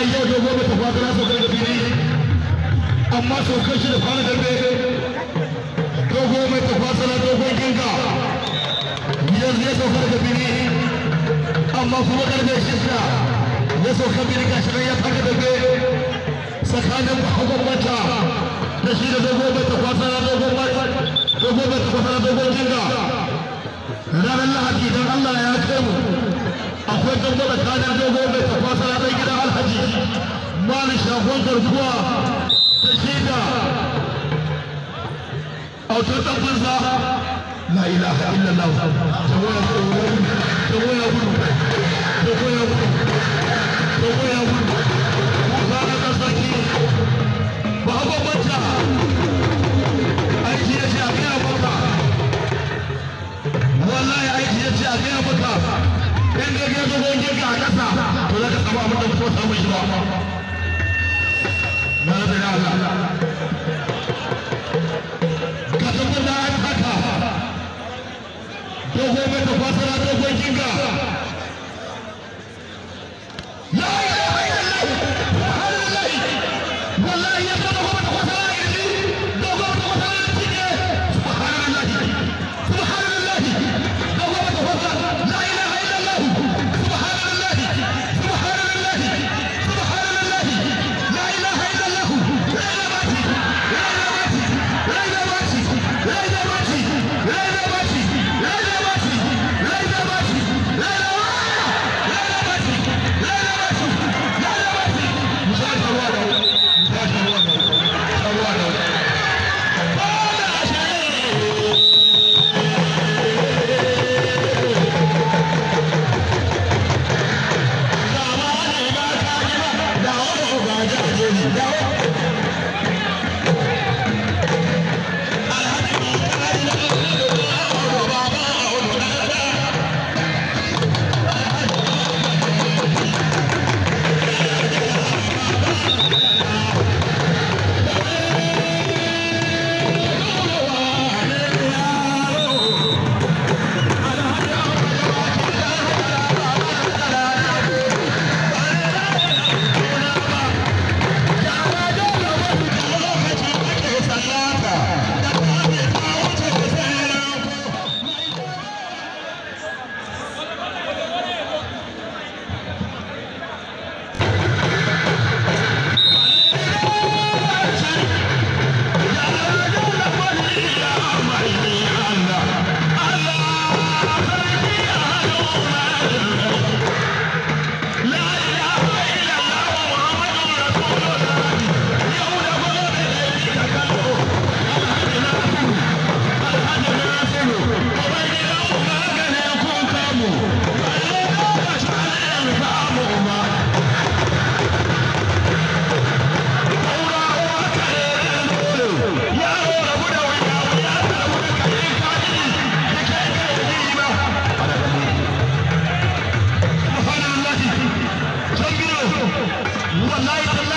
yi yau dogo ba ta faɗo na saukar da fili amma saukar shi da fara dambe dogo mai tafasala dogon ginga yanzu ya saukar da fili amma kuma karfe shida ya saukar fili gashi nan ya fara dambe tsakanin hagon da shi da dogon mata dogo mai dogon ginga taimakon garkuwa ta shida autar ɗan fansa la ilaha illallah ta waya wallahi ya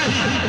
Yes!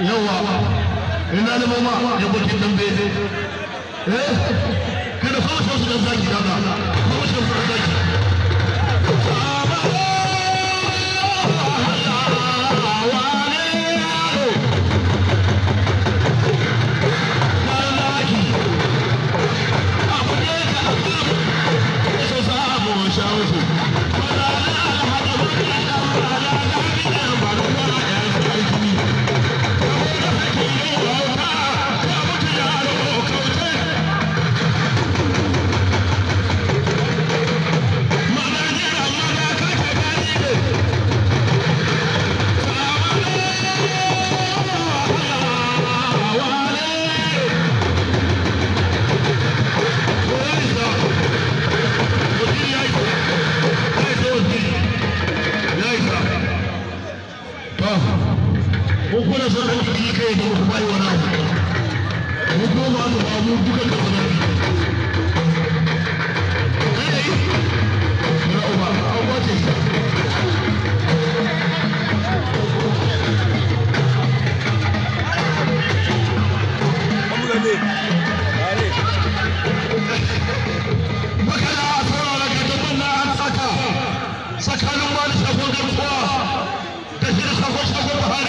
yawa ina eh? zaki zaki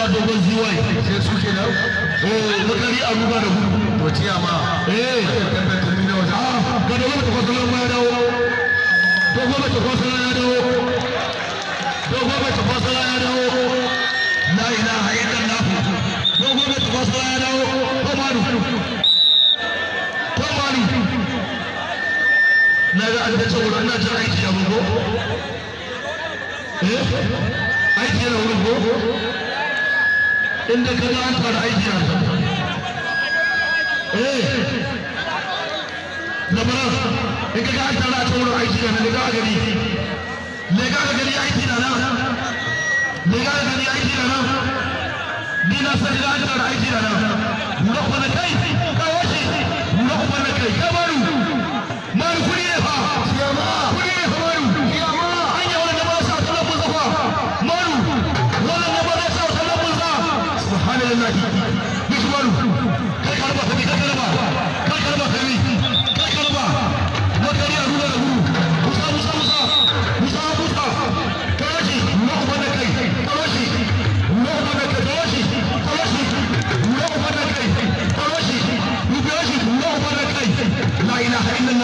ba dogon ziwai sai su ke nan eh zakari abuba da gudu to ciya ma eh ah, ga da wata kwasalan ma ya dawo dogon mace kwasalan ya dawo ya dawo la ilaha illallah ya dawo maru maru na ga an da ina jin aiki a bango eh aiki yana wurin inda ka ga an aiki eh zamana in a can wurin aiki na lega a gari lega a gari aiki na nan lega a aiki na ni na aiki na na kai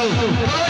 Oh,